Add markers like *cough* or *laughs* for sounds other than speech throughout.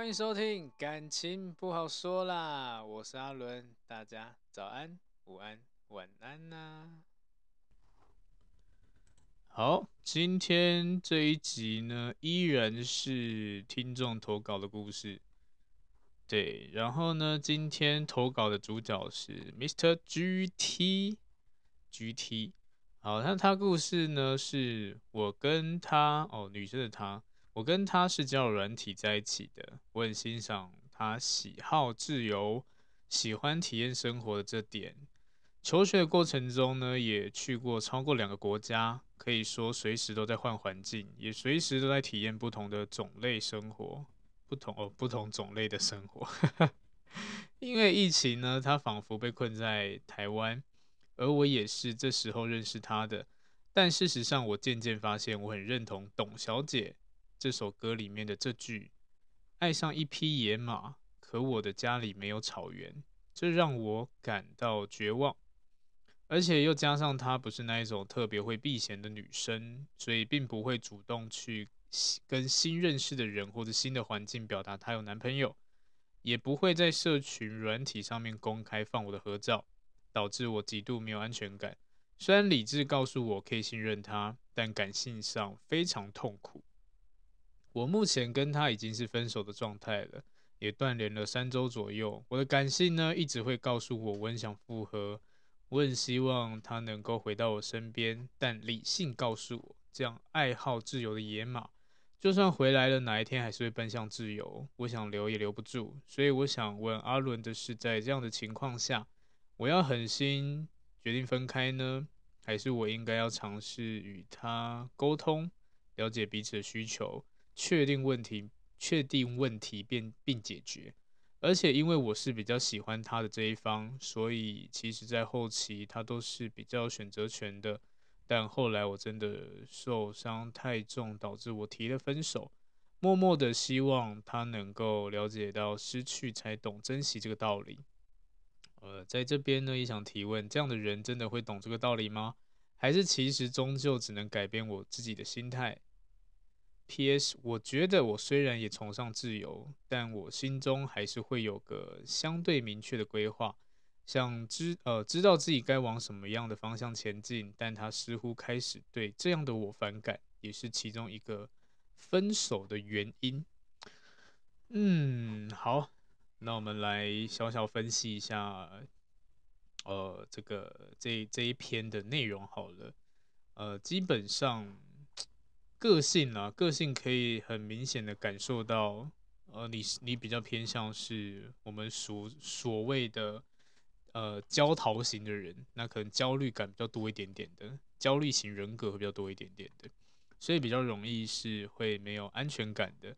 歡迎收聽，感情不好說啦，我是阿倫，大家早安、午安、晚安吶、啊。好，今天這一集呢，依然是聽眾投稿的故事。對，然後呢，今天投稿的主角是 Mr. GT GT。好，那他故事呢，是我跟他哦，女生的她。我跟他是叫軟體在一起的，我很欣賞他喜好自由、喜歡體驗生活的這點。求學過程中呢，也去過超過兩個國家，可以說隨時都在換環境，也隨時都在體驗不同的種類生活，不同哦，不同種類的生活。 *laughs* 因為疫情呢，他仿佛被困在台灣，而我也是這時候認識他的。但事實上，我漸漸發現，我很認同董小姐。這首歌裡面的這句“愛上一匹野馬”，可我的家裡沒有草原，這讓我感到絕望。而且又加上她不是那一種特別會避嫌的女生，所以並不會主動去跟新認識的人或者新的環境表達她有男朋友，也不會在社群軟體上面公開放我的合照，導致我極度沒有安全感。雖然理智告訴我可以信任她，但感性上非常痛苦。我目前跟他已經是分手的狀態了，也斷聯了三周左右。我的感性呢，一直會告訴我，我很想復合，我很希望他能夠回到我身邊，但理性告訴我，這樣愛好自由的野馬，就算回來了，哪一天還是會奔向自由。我想留也留不住，所以我想問阿倫的是，在這樣的情況下，我要狠心決定分開呢，還是我應該要嘗試與他溝通，了解彼此的需求？確定問題，確定問題並並解決。而且因為我是比較喜歡他的這一方，所以其實在後期他都是比較選擇權的。但後來我真的受傷太重，導致我提了分手，默默的希望他能夠了解到失去才懂珍惜這個道理。呃，在這邊呢，也想提問，這樣的人真的會懂這個道理嗎？還是其實終究只能改變我自己的心態？P.S. 我覺得我雖然也崇尚自由，但我心中還是會有個相對明確的規劃，想知呃知道自己該往什麼樣的方向前進。但他似乎開始對這樣的我反感，也是其中一個分手的原因。嗯，好，那我們來小小分析一下，呃，這個這這一篇的內容好了，呃，基本上。個性啊，個性可以很明顯的感受到，呃，你你比較偏向是我們所所謂的呃焦逃型的人，那可能焦慮感比較多一點點的，焦慮型人格會比較多一點點的，所以比較容易是會沒有安全感的。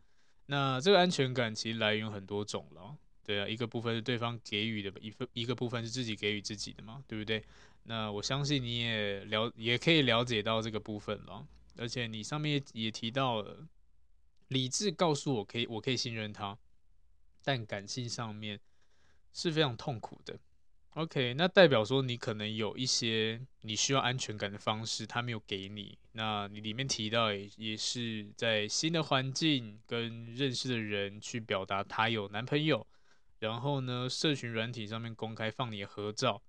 那這個安全感其實來源很多種了，對啊，一個部分是對方給予的，一一個部分是自己給予自己的嘛，對不對？那我相信你也了也可以了解到這個部分了。而且你上面也也提到了，理智告訴我可以，我可以信任他，但感性上面是非常痛苦的。OK，那代表說你可能有一些你需要安全感的方式，他沒有給你。那你裡面提到也也是在新的環境跟認識的人去表達他有男朋友，然後呢，社群軟體上面公開放你的合照，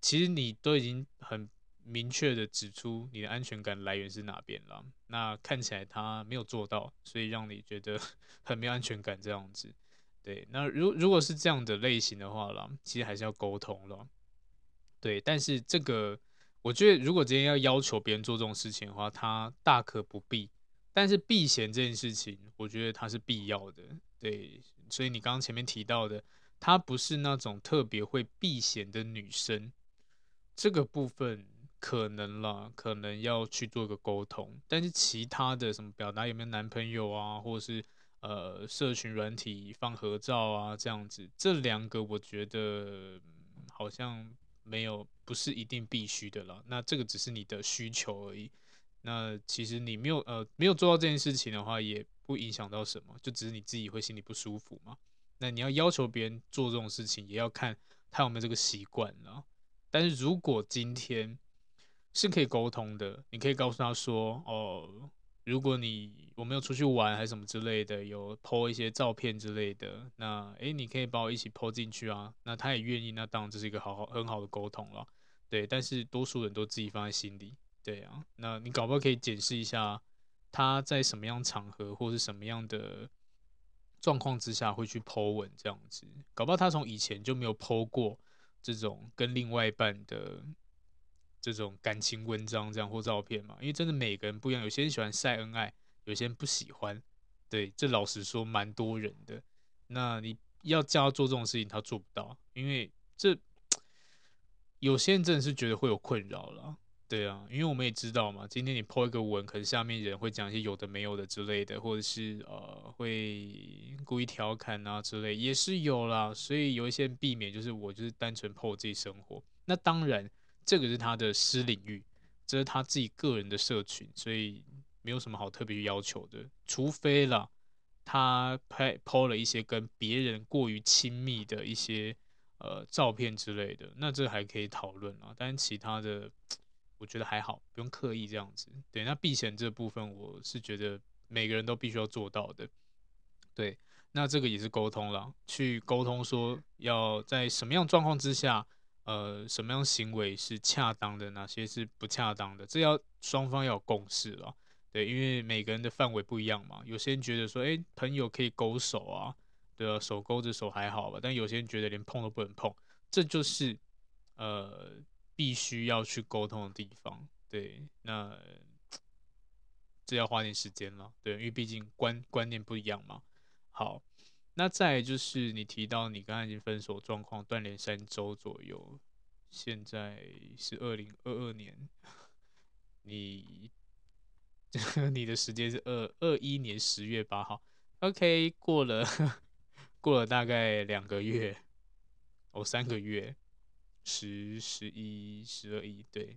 其實你都已經很。明確的指出你的安全感來源是哪邊了。那看起來他沒有做到，所以讓你覺得很沒有安全感這樣子，對，那如如果是這樣的類型的話啦，其實還是要溝通了，對，但是這個我覺得如果今天要要求別人做這種事情的話，他大可不必，但是避嫌這件事情，我覺得他是必要的，對，所以你剛剛前面提到的，她不是那種特別會避嫌的女生，這個部分。可能啦，可能要去做個溝通，但是其他的什麼表達有沒有男朋友啊，或者是呃社群軟體放合照啊這樣子，這兩個我覺得好像沒有，不是一定必須的啦。那這個只是你的需求而已。那其實你沒有呃沒有做到這件事情的話，也不影響到什麼，就只是你自己會心裡不舒服嘛。那你要要求別人做這種事情，也要看他有沒有這個習慣啦。但是如果今天，是可以溝通的，你可以告訴他說：“哦，如果你我沒有出去玩還是什麼之類的，有 po 一些照片之類的，那誒、欸，你可以把我一起 po 進去啊。”那他也願意，那當然這是一個好好很好的溝通了。對，但是多數人都自己放在心裡。對啊，那你搞不好可以解釋一下他在什麼樣場合或是什麼樣的狀況之下會去 po 文這樣子。搞不好他從以前就沒有 po 過這種跟另外一半的。這種感情文章這樣或照片嘛，因為真的每個人不一樣，有些人喜歡曬恩愛，有些人不喜歡。對，這老實說蠻多人的。那你要叫他做這種事情，他做不到，因為這有些人真的是覺得會有困擾了。對啊，因為我們也知道嘛，今天你 po 一個文，可能下面人會講一些有的沒有的之類的，或者是呃會故意調侃啊之類，也是有啦，所以有一些人避免就，就是我就是單純 po 自己生活。那當然。這個是他的私領域，這是他自己個人的社群，所以沒有什麼好特別要求的，除非啦，他拍拋了一些跟別人過於親密的一些呃照片之類的，那這還可以討論啊。但其他的，我覺得還好，不用刻意這樣子。對，那避嫌這部分，我是覺得每個人都必須要做到的。對，那這個也是溝通啦，去溝通說要在什麼樣狀況之下。呃，什麼樣行為是恰當的，哪些是不恰當的，這要雙方要有共識了。對，因為每個人的範圍不一樣嘛。有些人覺得說，哎，朋友可以勾手啊，對啊，手勾着手還好吧。但有些人覺得連碰都不能碰，這就是呃必須要去溝通的地方。對，那這要花點時間了。對，因為畢竟觀觀念不一樣嘛。好。那再就是你提到你剛剛已經分手狀況，斷聯三周左右，現在是二零二二年，你你的時間是二二一年十月八號，OK，過了過了大概兩個月，哦，三個月，十十一十二一，對，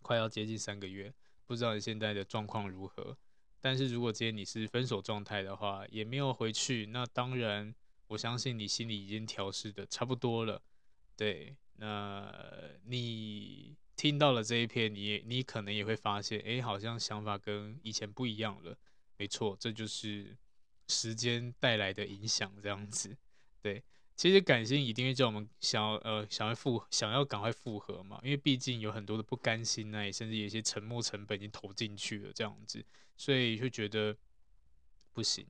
快要接近三個月，不知道你現在的狀況如何？但是，如果今天你是分手狀態的話，也沒有回去，那當然，我相信你心裡已經調適的差不多了。對，那你聽到了這一篇，你也你可能也會發現，欸，好像想法跟以前不一樣了。沒錯，這就是時間帶來的影響，這樣子，對。其實感性一定會叫我們想要呃，想要復想要趕快復合嘛，因為畢竟有很多的不甘心啊，也甚至有些沉沒成本已經投進去了這樣子，所以就覺得不行，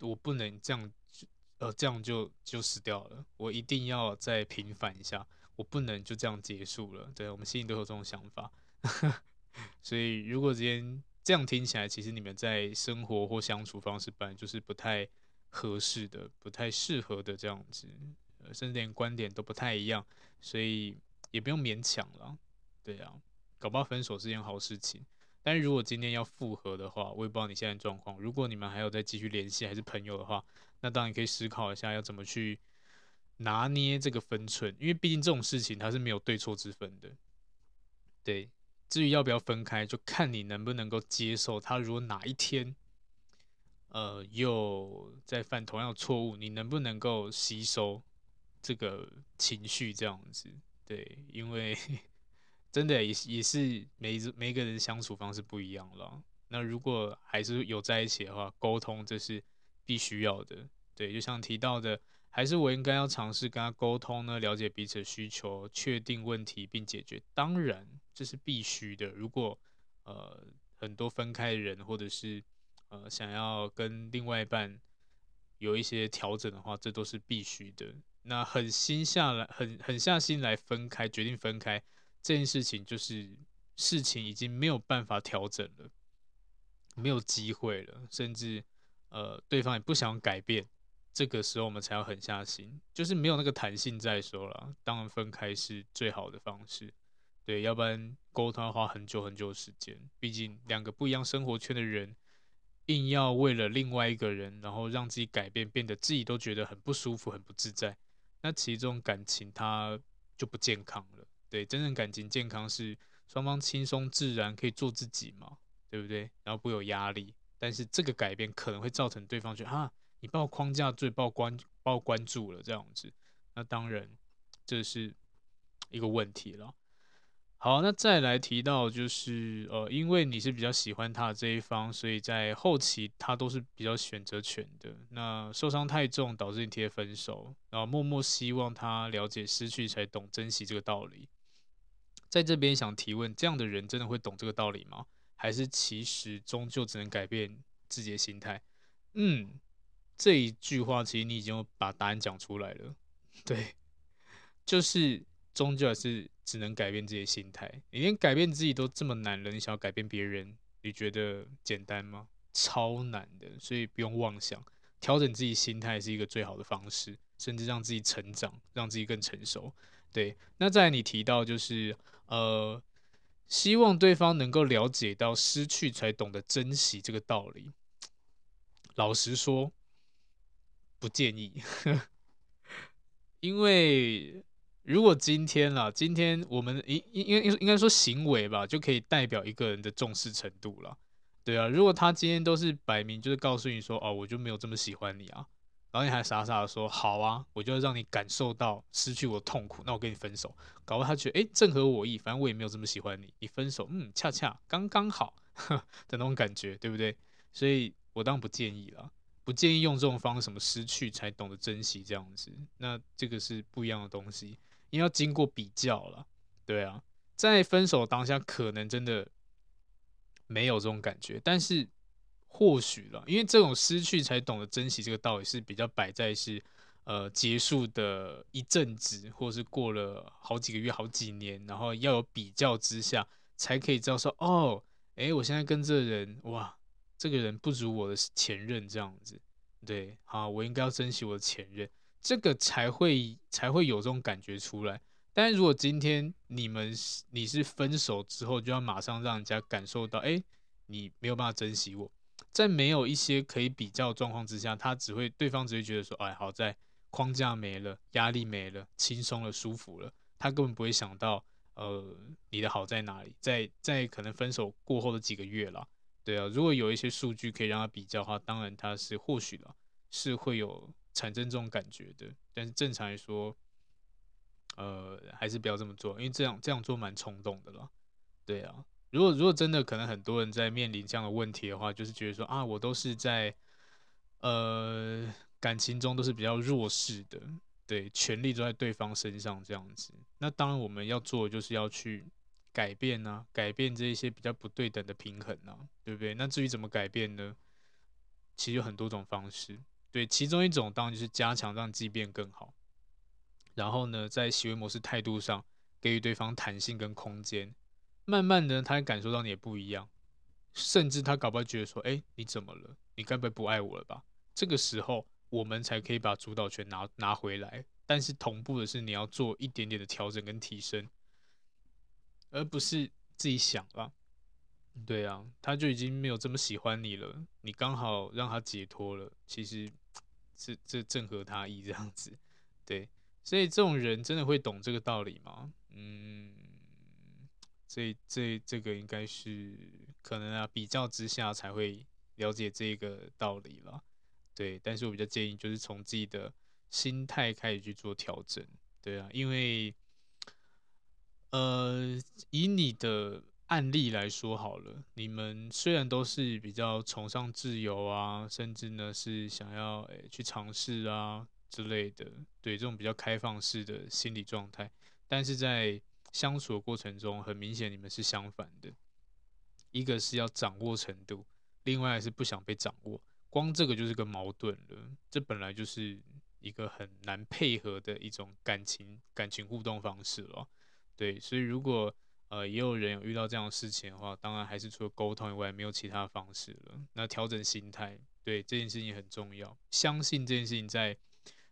我不能這樣就呃這樣就就死掉了，我一定要再平反一下，我不能就這樣結束了。對，我們心裡都有這種想法， *laughs* 所以如果今天這樣聽起來，其實你們在生活或相處方式本來就是不太。合適的，不太適合的這樣子，呃，甚至連觀點都不太一樣，所以也不用勉強了，對啊，搞不好分手是一件好事情。但是如果今天要復合的話，我也不知道你現在狀況。如果你們還有再繼續聯繫，還是朋友的話，那當然你可以思考一下要怎麼去拿捏這個分寸，因為畢竟這種事情它是沒有對錯之分的，對。至於要不要分開，就看你能不能夠接受他，如果哪一天。呃，又在犯同樣的錯誤，你能不能夠吸收這個情緒？這樣子，對，因為真的也也是每每個人相處方式不一樣了。那如果還是有在一起的話，溝通這是必須要的，對。就像提到的，還是我應該要嘗試跟他溝通呢，了解彼此的需求，確定問題並解決。當然，這是必須的。如果呃，很多分開的人或者是。呃，想要跟另外一半有一些調整的話，這都是必須的。那狠心下來，狠狠下心來分開，決定分開這件事情，就是事情已經沒有辦法調整了，沒有機會了，甚至呃，對方也不想改變。這個時候，我們才要狠下心，就是沒有那個彈性再說了。當然，分開是最好的方式，對，要不然溝通要花很久很久的時間。畢竟，兩個不一樣生活圈的人。硬要為了另外一個人，然後讓自己改變，變得自己都覺得很不舒服、很不自在，那其中感情它就不健康了。對，真正感情健康是雙方輕鬆自然，可以做自己嘛，對不對？然後不會有壓力，但是這個改變可能會造成對方覺得哈、啊，你報框架、最報關、報關注了這樣子，那當然這是一個問題了。好，那再來提到就是，呃，因為你是比較喜歡他的這一方，所以在後期他都是比較選擇權的。那受傷太重導致你提分手，然後默默希望他了解失去才懂珍惜這個道理。在這邊想提問，這樣的人真的會懂這個道理嗎？還是其實終究只能改變自己的心態？嗯，這一句話其實你已經把答案講出來了。對，就是。終究還是只能改變自己的心態，你連改變自己都這麼難了，你想要改變別人，你覺得簡單嗎？超難的，所以不用妄想，調整自己心態是一個最好的方式，甚至讓自己成長，讓自己更成熟。對，那在你提到就是呃，希望對方能夠了解到失去才懂得珍惜這個道理，老實說，不建議， *laughs* 因為。如果今天啦，今天我們應應應該應應該說行為吧，就可以代表一個人的重視程度了，對啊。如果他今天都是擺明就是告訴你說，哦，我就沒有這麼喜歡你啊，然後你還傻傻的說好啊，我就要讓你感受到失去我的痛苦，那我跟你分手，搞得他覺得誒，正合我意，反正我也沒有這麼喜歡你，你分手，嗯，恰恰剛剛好的那種感覺，對不對？所以我當然不建議了，不建議用這種方式，什麼失去才懂得珍惜這樣子，那這個是不一樣的東西。應該要經過比較了，對啊，在分手當下可能真的沒有這種感覺，但是或許了，因為這種失去才懂得珍惜這個道理是比較擺在是呃結束的一陣子，或者是過了好幾個月、好幾年，然後要有比較之下，才可以知道說哦，誒，我現在跟這個人哇，這個人不如我的前任這樣子，對，好,好，我應該要珍惜我的前任。這個才會才會有這種感覺出來。但是如果今天你們是你是分手之後，就要馬上讓人家感受到，哎，你沒有辦法珍惜我，在沒有一些可以比較的狀況之下，他只會對方只會覺得說，哎，好在框架沒了，壓力沒了，輕鬆了，舒服了，他根本不會想到，呃，你的好在哪裡。在在可能分手過後的幾個月啦，對啊，如果有一些數據可以讓他比較的話，當然他是或許了，是會有。產生這種感覺的，但是正常來說，呃，還是不要這麼做，因為這樣這樣做蠻衝動的啦。對啊，如果如果真的可能很多人在面臨這樣的問題的話，就是覺得說啊，我都是在呃感情中都是比較弱勢的，對，權力都在對方身上這樣子。那當然我們要做的就是要去改變呢、啊，改變這一些比較不對等的平衡呢、啊，對不對？那至於怎麼改變呢？其實有很多種方式。對，其中一種當然就是加強讓自己變更好，然後呢，在行為模式、態度上給予對方彈性跟空間，慢慢的，他會感受到你也不一樣，甚至他搞不好覺得說：“哎，你怎麼了？你根本不愛我了吧？”這個時候，我們才可以把主導權拿拿回來。但是同步的是，你要做一點點的調整跟提升，而不是自己想了。對啊，他就已經沒有這麼喜歡你了，你剛好讓他解脫了，其實是這，這正合他意這樣子，對，所以這種人真的會懂這個道理嗎？嗯，所以這這，這個應該是可能啊，比較之下才會了解這個道理啦，對，但是我比較建議就是從自己的心態開始去做調整，對啊，因為呃，以你的。案例來說好了，你們雖然都是比較崇尚自由啊，甚至呢是想要誒、欸、去嘗試啊之類的，對這種比較開放式的心理狀態，但是在相處的過程中，很明顯你們是相反的，一個是要掌握程度，另外還是不想被掌握，光這個就是個矛盾了，這本來就是一個很難配合的一種感情感情互動方式了，對，所以如果。呃，也有人有遇到這樣的事情的話，當然還是除了溝通以外，沒有其他的方式了。那調整心態，對這件事情很重要。相信這件事情在，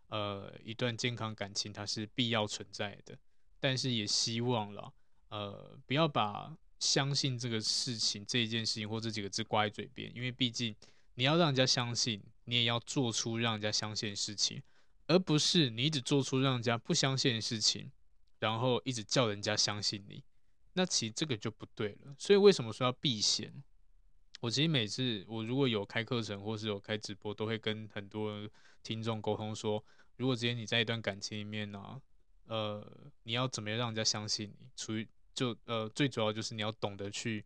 呃，一段健康感情它是必要存在的。但是也希望了，呃，不要把相信這個事情這一件事情或這幾個字掛在嘴邊，因為畢竟你要讓人家相信，你也要做出讓人家相信的事情，而不是你一直做出讓人家不相信的事情，然後一直叫人家相信你。那其實這個就不對了，所以為什麼說要避嫌？我其實每次我如果有開課程或是有開直播，都會跟很多聽眾溝通說，如果今天你在一段感情裡面呢、啊，呃，你要怎麼樣讓人家相信你？處於就呃最主要就是你要懂得去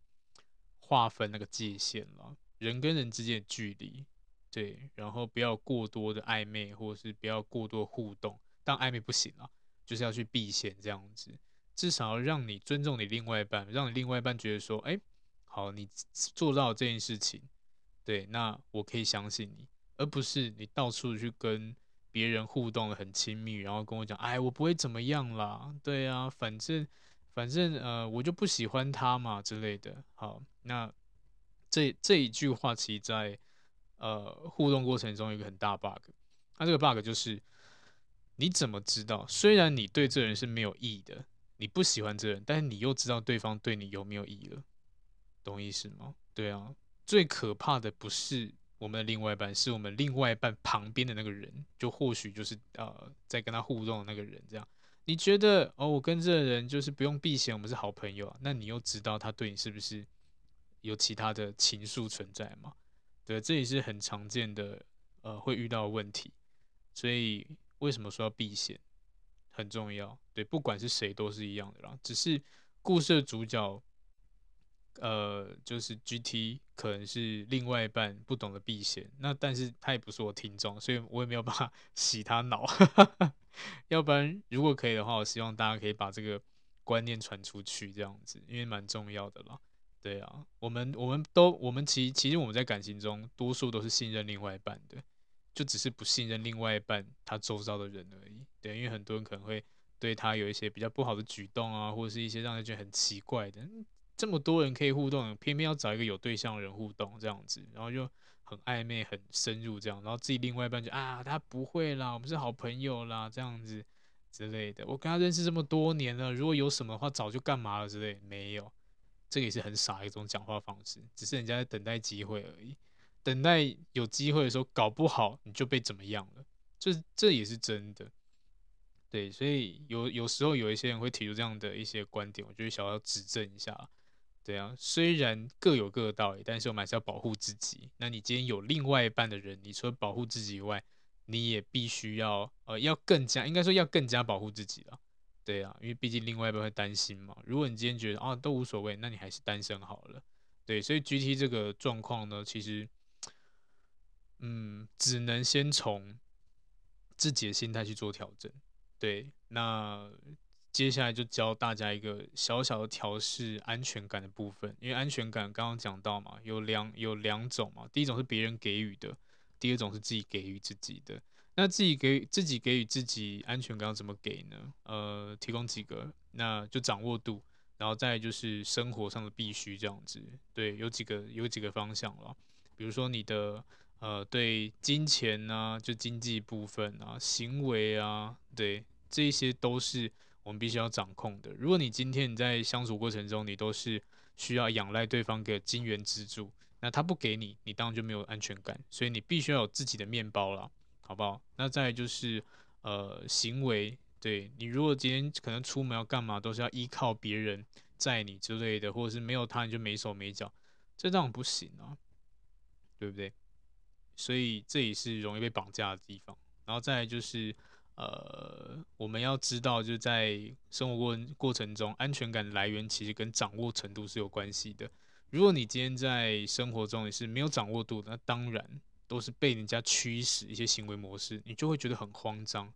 劃分那個界限了，人跟人之間的距離，對，然後不要過多的曖昧，或者是不要過多的互動，但曖昧不行啊，就是要去避嫌這樣子。至少要讓你尊重你另外一半，讓你另外一半覺得說，哎，好，你做到這件事情，對，那我可以相信你，而不是你到處去跟別人互動很親密，然後跟我講，哎，我不會怎麼樣啦，對啊，反正反正呃，我就不喜歡他嘛之類的。好，那這這一句話其實在呃互動過程中有一個很大 bug，那這個 bug 就是你怎麼知道，雖然你對這人是沒有意義的。你不喜歡這個人，但是你又知道對方對你有沒有意了，懂我意思嗎？對啊，最可怕的不是我們的另外一半，是我們另外一半旁邊的那個人，就或許就是呃，在跟他互動的那個人。這樣你覺得哦，我跟這個人就是不用避嫌，我們是好朋友啊。那你又知道他對你是不是有其他的情愫存在嗎？對，這也是很常見的，呃，會遇到的問題。所以為什麼說要避嫌？很重要，對，不管是誰都是一樣的啦。只是故事的主角，呃，就是 GT 可能是另外一半不懂得避嫌，那但是他也不是我聽眾，所以我也沒有辦法洗他腦。哈 *laughs* 哈，要不然，如果可以的話，我希望大家可以把這個觀念傳出去，這樣子，因為蠻重要的啦。對啊，我們我們都我們其實其實我們在感情中多數都是信任另外一半的。就只是不信任另外一半，他周遭的人而已。對，因為很多人可能會對他有一些比較不好的舉動啊，或者是一些讓人覺得很奇怪的。這麼多人可以互動，偏偏要找一個有對象的人互動這樣子，然後就很曖昧、很深入這樣。然後自己另外一半就啊，他不會啦，我們是好朋友啦，這樣子之類的。我跟他認識這麼多年了，如果有什麼話，早就幹嘛了之類的。沒有，這個也是很傻一種講話方式，只是人家在等待機會而已。等待有機會的時候，搞不好你就被怎麼樣了？這這也是真的，對。所以有有時候有一些人會提出這樣的一些觀點，我就想要指正一下。對啊，雖然各有各的道理，但是我們還是要保護自己。那你今天有另外一半的人，你除了保護自己以外，你也必須要呃要更加，應該說要更加保護自己了。對啊，因為畢竟另外一半會擔心嘛。如果你今天覺得啊都無所謂，那你還是單身好了。對，所以 GT 這個狀況呢，其實。嗯，只能先從自己的心態去做調整。對，那接下來就教大家一個小小的調試安全感的部分。因為安全感剛剛講到嘛，有兩有兩種嘛，第一種是別人給予的，第二種是自己給予自己的。那自己給自己給予自己安全感要怎麼給呢？呃，提供幾個，那就掌握度，然後再就是生活上的必須這樣子。對，有幾個有幾個方向了，比如說你的。呃，對，金錢吶、啊，就經濟部分啊，行為啊，對，這一些都是我們必須要掌控的。如果你今天你在相處過程中，你都是需要仰賴對方給金援資助，那他不給你，你當然就沒有安全感，所以你必須要有自己的面包了，好不好？那再來就是呃，行為，對，你如果今天可能出門要幹嘛，都是要依靠別人載你之類的，或者是沒有他你就沒手沒腳，這樣不行啊，對不對？所以這也是容易被綁架的地方。然後再來就是，呃，我們要知道，就是在生活過過程中，安全感的來源其實跟掌握程度是有關係的。如果你今天在生活中也是沒有掌握度的，那當然都是被人家驅使一些行為模式，你就會覺得很慌張。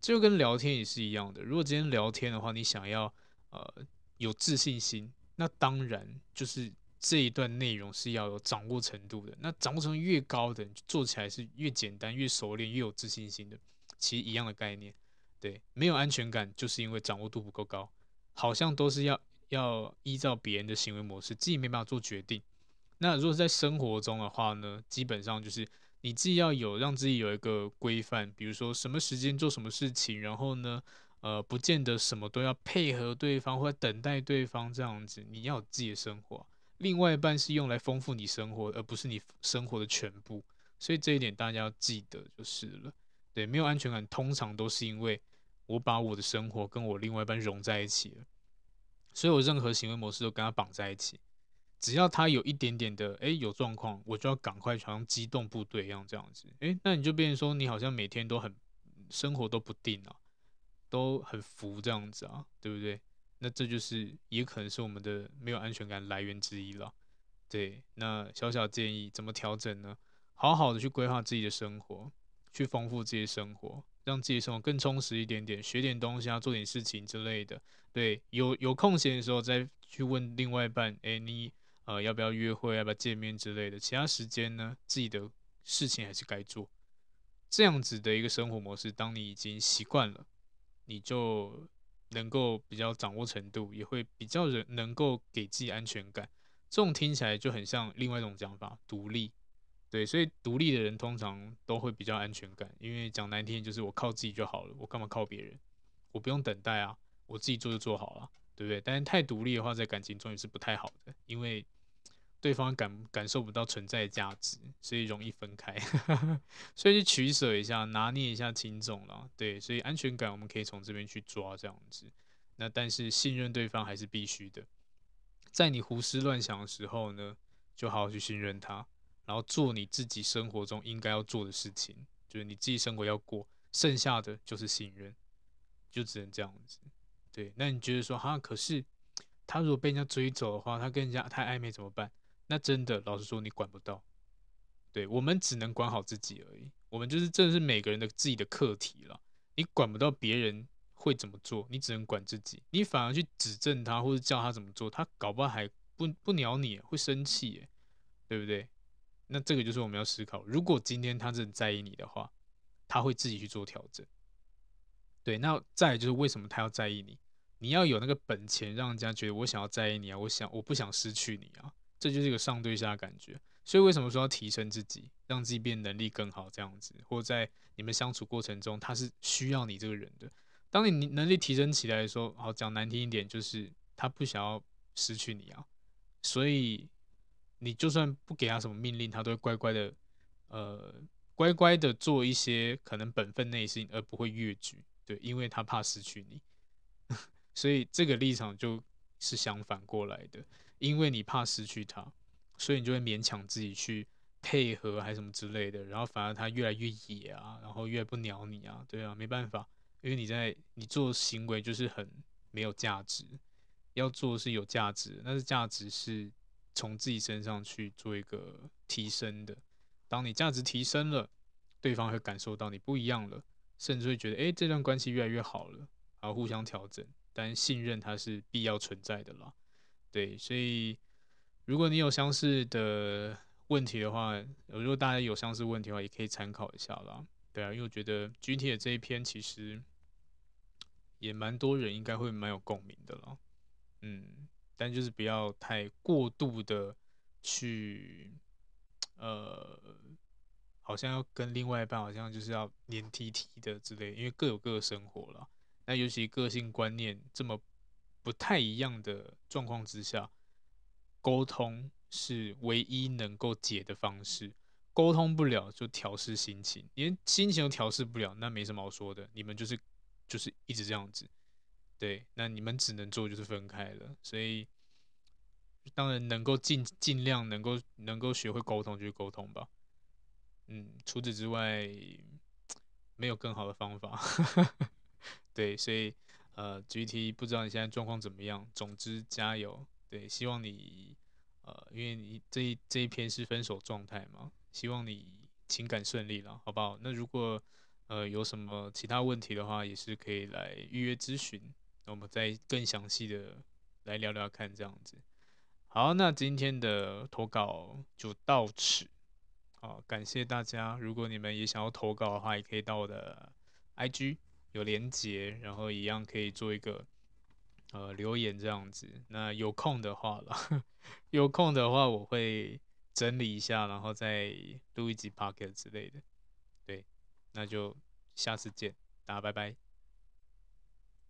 這就跟聊天也是一樣的。如果今天聊天的話，你想要呃有自信心，那當然就是。這一段內容是要有掌握程度的，那掌握程度越高的，做起來是越簡單，越熟練，越有自信心的。其實一樣的概念，對，沒有安全感就是因為掌握度不夠高，好像都是要要依照別人的行為模式，自己沒辦法做決定。那如果在生活中的話呢，基本上就是你自己要有讓自己有一個規範，比如說什麼時間做什麼事情，然後呢，呃，不見得什麼都要配合對方或者等待對方這樣子，你要有自己的生活。另外一半是用來豐富你生活，而不是你生活的全部，所以這一點大家要記得就是了。對，沒有安全感，通常都是因為我把我的生活跟我另外一半融在一起了，所以我任何行為模式都跟他綁在一起。只要他有一點點的，哎、欸，有狀況，我就要趕快好像機動部隊一樣這樣子。哎、欸，那你就變成說，你好像每天都很生活都不定啊，都很浮這樣子啊，對不對？那這就是也可能是我們的沒有安全感來源之一了，對。那小小建議，怎麼調整呢？好好的去規劃自己的生活，去豐富自己的生活，讓自己的生活更充實一點點，學點東西啊，做點事情之類的。對，有有空閒的時候再去問另外一半，哎，你呃要不要約會，要不要見面之類的。其他時間呢，自己的事情還是該做。這樣子的一個生活模式，當你已經習慣了，你就。能夠比較掌握程度，也會比較人能夠給自己安全感。這種聽起來就很像另外一種講法，獨立。對，所以獨立的人通常都會比較安全感，因為講難聽點就是我靠自己就好了，我幹嘛靠別人？我不用等待啊，我自己做就做好了，對不對？但是太獨立的話，在感情中也是不太好的，因為。對方感感受不到存在的價值，所以容易分開， *laughs* 所以去取舍一下，拿捏一下輕重了。對，所以安全感我們可以從這邊去抓，這樣子。那但是信任對方還是必須的。在你胡思亂想的時候呢，就好好去信任他，然後做你自己生活中應該要做的事情，就是你自己生活要過，剩下的就是信任，就只能這樣子。對，那你覺得說哈？可是他如果被人家追走的話，他跟人家太曖昧怎麼辦？那真的，老實說，你管不到。對，我們只能管好自己而已。我們就是，這是每個人的自己的課題了。你管不到別人會怎麼做，你只能管自己。你反而去指正他，或者叫他怎麼做，他搞不好還不不鳥你，會生氣耶，對不對？那這個就是我們要思考。如果今天他真的在意你的話，他會自己去做調整。對，那再就是為什麼他要在意你？你要有那個本錢，讓人家覺得我想要在意你啊，我想我不想失去你啊。這就是一個上對下的感覺，所以為什麼說要提升自己，讓自己變能力更好，這樣子，或在你們相處過程中，他是需要你這個人的。當你能力提升起來的時候，好講難聽一點，就是他不想要失去你啊，所以你就算不給他什麼命令，他都會乖乖的，呃，乖乖的做一些可能本分內心，而不會越矩，對，因為他怕失去你，所以這個立場就是相反過來的。因為你怕失去他，所以你就會勉強自己去配合，還什麼之類的。然後反而他越來越野啊，然後越不鳥你啊。對啊，沒辦法，因為你在你做的行為就是很沒有價值，要做是有價值，但是價值是從自己身上去做一個提升的。當你價值提升了，對方會感受到你不一樣了，甚至會覺得，誒，這段關係越來越好了，然後互相調整。但信任它是必要存在的啦。對，所以如果你有相似的問題的話，如果大家有相似問題的話，也可以參考一下啦。對啊，因為我覺得 GT 的這一篇其實也蠻多人應該會蠻有共鳴的了。嗯，但就是不要太過度的去，呃，好像要跟另外一半好像就是要黏踢踢的之類的，因為各有各的生活了。那尤其個性觀念這麼。不太一樣的狀況之下，溝通是唯一能夠解的方式。溝通不了就調適心情，連心情都調適不了，那沒什麼好說的。你們就是就是一直這樣子，對，那你們只能做就是分開了。所以當然能夠盡盡量能夠能夠學會溝通就去溝通吧，嗯，除此之外沒有更好的方法。 *laughs* 對，所以。呃，GT 不知道你現在狀況怎麼樣？總之加油，對，希望你呃，因為你這一這一篇是分手狀態嘛，希望你情感順利啦，好不好？那如果呃有什麼其他問題的話，也是可以來預約諮詢，那我們再更詳細的來聊聊看，這樣子。好，那今天的投稿就到此，好，感謝大家。如果你們也想要投稿的話，也可以到我的 IG。有連結，然後一樣可以做一個呃留言這樣子。那有空的話了，有空的話我會整理一下，然後再錄一集 podcast 之類的。對，那就下次見，大家拜拜。